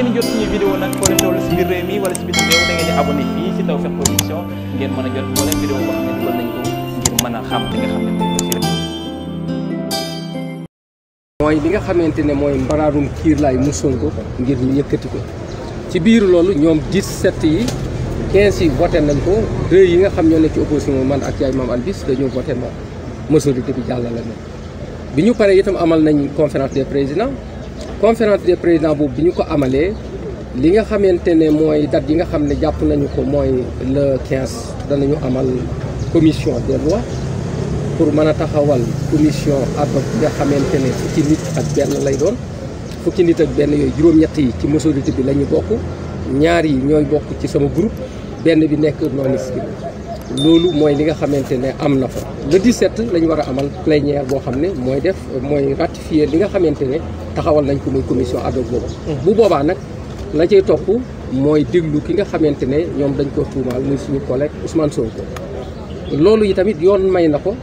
ngeen jot suñu vidéo nag foo leen toll si biir réew mi wala si nga mooy li nga xamante ne mooy mbaraarum kiir lay mu ngir ñu yëkkati ko ci biir loolu ñoom 17 yi 15 yi voté nañ ko deux yi nga xam ñoo nekk ci opposition man ak yaay maam Albis dañoo voté ma majorité bi jàllale na bi ñu paree itam amal nañ conférence des présidents conférence des président boobu bi ñu ko amalee li nga xamante ne mooy date yi nga xam ne jàpp nañu ko mooy le 15 danañu amal commission des lois pour mën a taxawal commission ad hoc bi nga xamante ne fukki nit ak benn lay doon fukki nit ak benn yooyu juróom-ñett yi ci majorité bi la ñu bokk ñaar yi ñooy bokk ci sama groupe benn bi nekk non loolu mooy li nga xamante ne am na fa le 17 la ñu war a amal plénière boo xam ne mooy def mooy ratifier li nga xamante ne taxawal nañ ko muy commission ad boobu. Mm-hmm. bu boobaa nag la cay topp mooy déglu ki nga xamante ne ñoom dañ ko tuumaal muy suñu collègue Ousmane Sonko. loolu yi tamit yoon may na ko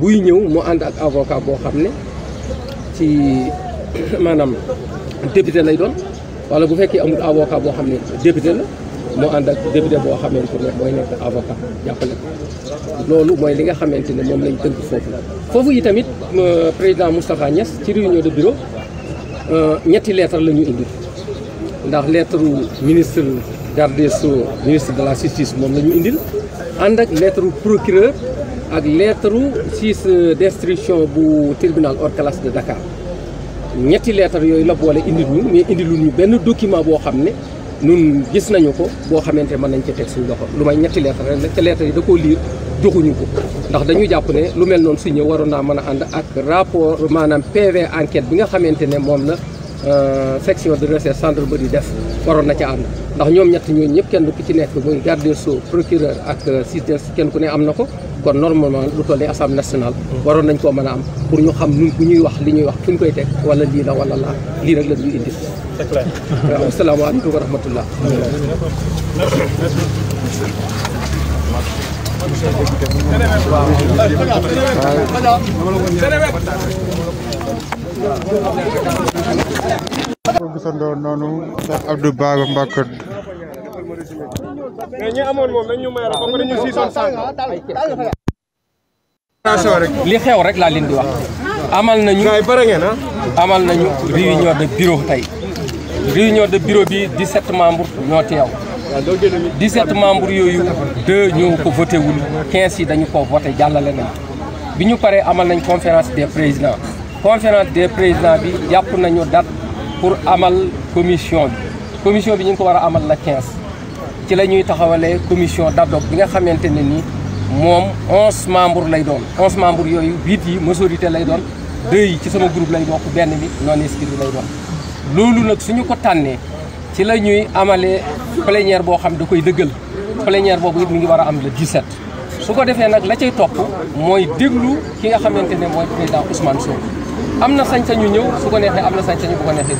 buy ñëw mu ànd ak avocat boo xam ne ci maanaam député lay doon wala bu fekkee amul avocat boo xam ne député la. moo ànd ak député boo xamante ne mooy nekk avocat jàppale ko loolu mooy li nga xamante ne moom lañ tënk foofu la foofu yi tamit euh, président Moustapha ci réunion de bureau euh, ñetti leetar la ñu indi ndax lettre ministre garde des sceaux ministre de la justice moom la ñu indil ànd ak lettre procureur ak lettre six euh, d'instruction bu tribunal hors classe de Dakar ñetti lettre yooyu la boole indil ñu mais indiluñu benn document boo xam ne nun gis nañu ko boo xamante mën nañ ci teg suñ loxo lu may ñetti lettre rek ca lettre yi da koo liir joxuñu ko ndax dañu jàpp ne lu mel noonu su ñëw waroon naa mën a ànd ak rapport maanaam PV enquête bi nga xamante ne moom na Euh, section de recherche gendarmerie def waroon na ca ànd ndax ñoom ñett ñooñu ñëpp kenn ku ci nekk muy garde des sceaux procureur ak justice euh, kenn ku ne am na ko kon normalement lu toll ni assemblée nationale waroon nañ koo mën a am pour ñu xam nu bu ñuy wax li ñuy wax fu ñu koy teg wala lii la wala laa lii rek la ñuy indi c'est clair waaw asalaamaaleykum wa rahmatullah waaw ko gisandoo noonu Cheikh Abdou li xew rek laa leen di wax amal nañu ah? amal nañu réunion de bureau tey réunion de bureau bi 17 membres ñoo teew 17 membres yooyu deux ñoo ko voté wul yi dañu ko voté jàllale nañ bi ñu paree amal nañ conférence des présidents conférence de présidents bi jàpp nañu date pour amal commission bi commission bi ñu ko war a amal la 15 ci la ñuy taxawalee commission d' ad bi nga xamante ne ni moom 11 membres lay doon 11 membres yooyu 8 yi majorité lay doon 2 yi ci sama groupe lay bokk benn bi non inscrit lay doon. loolu nag suñu ko tànnee ci la ñuy amalee plénière boo xam da koy dëggal plénière boobu it mi ngi war a am la 17. su ko defee nag la cay topp mooy déglu ki nga xamante ne mooy président Ousmane am na sañ-sañu ñëw su ko neexee am na sañ-sañu bu ko neexee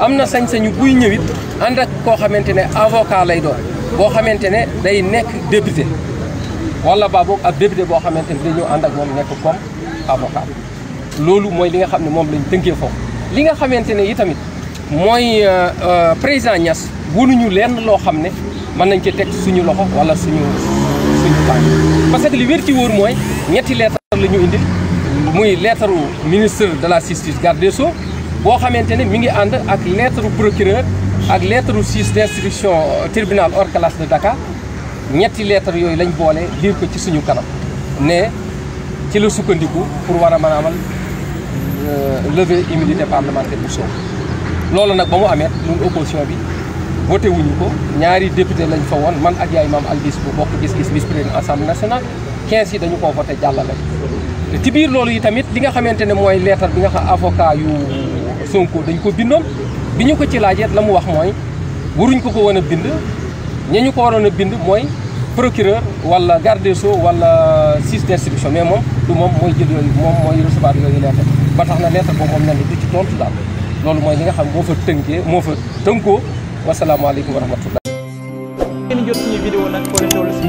am na sañ-sañu buy ñëwit ànd ak koo xamante ne avocat lay doon boo xamante ne day nekk député wala baa boog ab boo xamante ne dañoo ànd ak moom nekk comme avocat loolu mooy li nga xam ne moom lañ tënkee foofu li nga xamante ne tamit mooy euh, euh, président Niass wunuñu leen loo xam ne mën nañ ci teg suñu loxo wala suñu suñu tànk parce que li wér ci mooy ñetti leetar la ñu indil muy lettre ministre de la justice garde des Sceaux boo xamante ne mi ngi ànd ak lettre procureur ak lettre six d'instruction tribunal hors classe de Dakar ñetti lettre yooyu lañu boole liir ko ci suñu kanam ne ci la sukkandiku pour war a mën amal euh, lever immunité parlementaire bu Sow loolu nag ba mu amee ñun opposition bi voté wuñu ko ñaari député lañ fa woon man ak yaay maam Albis bu bokk gis-gis vice président assemblée nationale 15 yi dañu ko voté jàllale ci biir loolu yi tamit li nga xamante ne mooy leetar bi nga xam avocat yu Sonko dañ ko bindoon bi ñu ko ci laajeet la mu wax mooy waruñ ko ko woon a bind ña ñu ko waroon a bind mooy procureur wala garde des sceaux wala juge d'instruction mais moom du moom mooy jël yooyu moom mooy recevoir yooyu leetar ba tax na leetar boobu moom nan du ci tontu daal loolu mooy li nga xam moo fa tënkee moo fa tënkoo wasalaamaaleykum wa rahmatullah